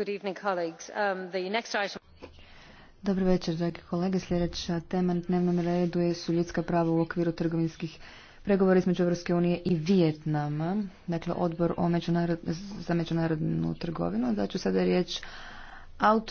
Um, Dobro večer, dragi kolege. Sljedeća tema na dnevnom redu je su ljudska prava u okviru trgovinskih pregovora između Evropske unije i Vijetnama. Dakle, odbor o za međunarodnu trgovinu. Daću sada riječ autoru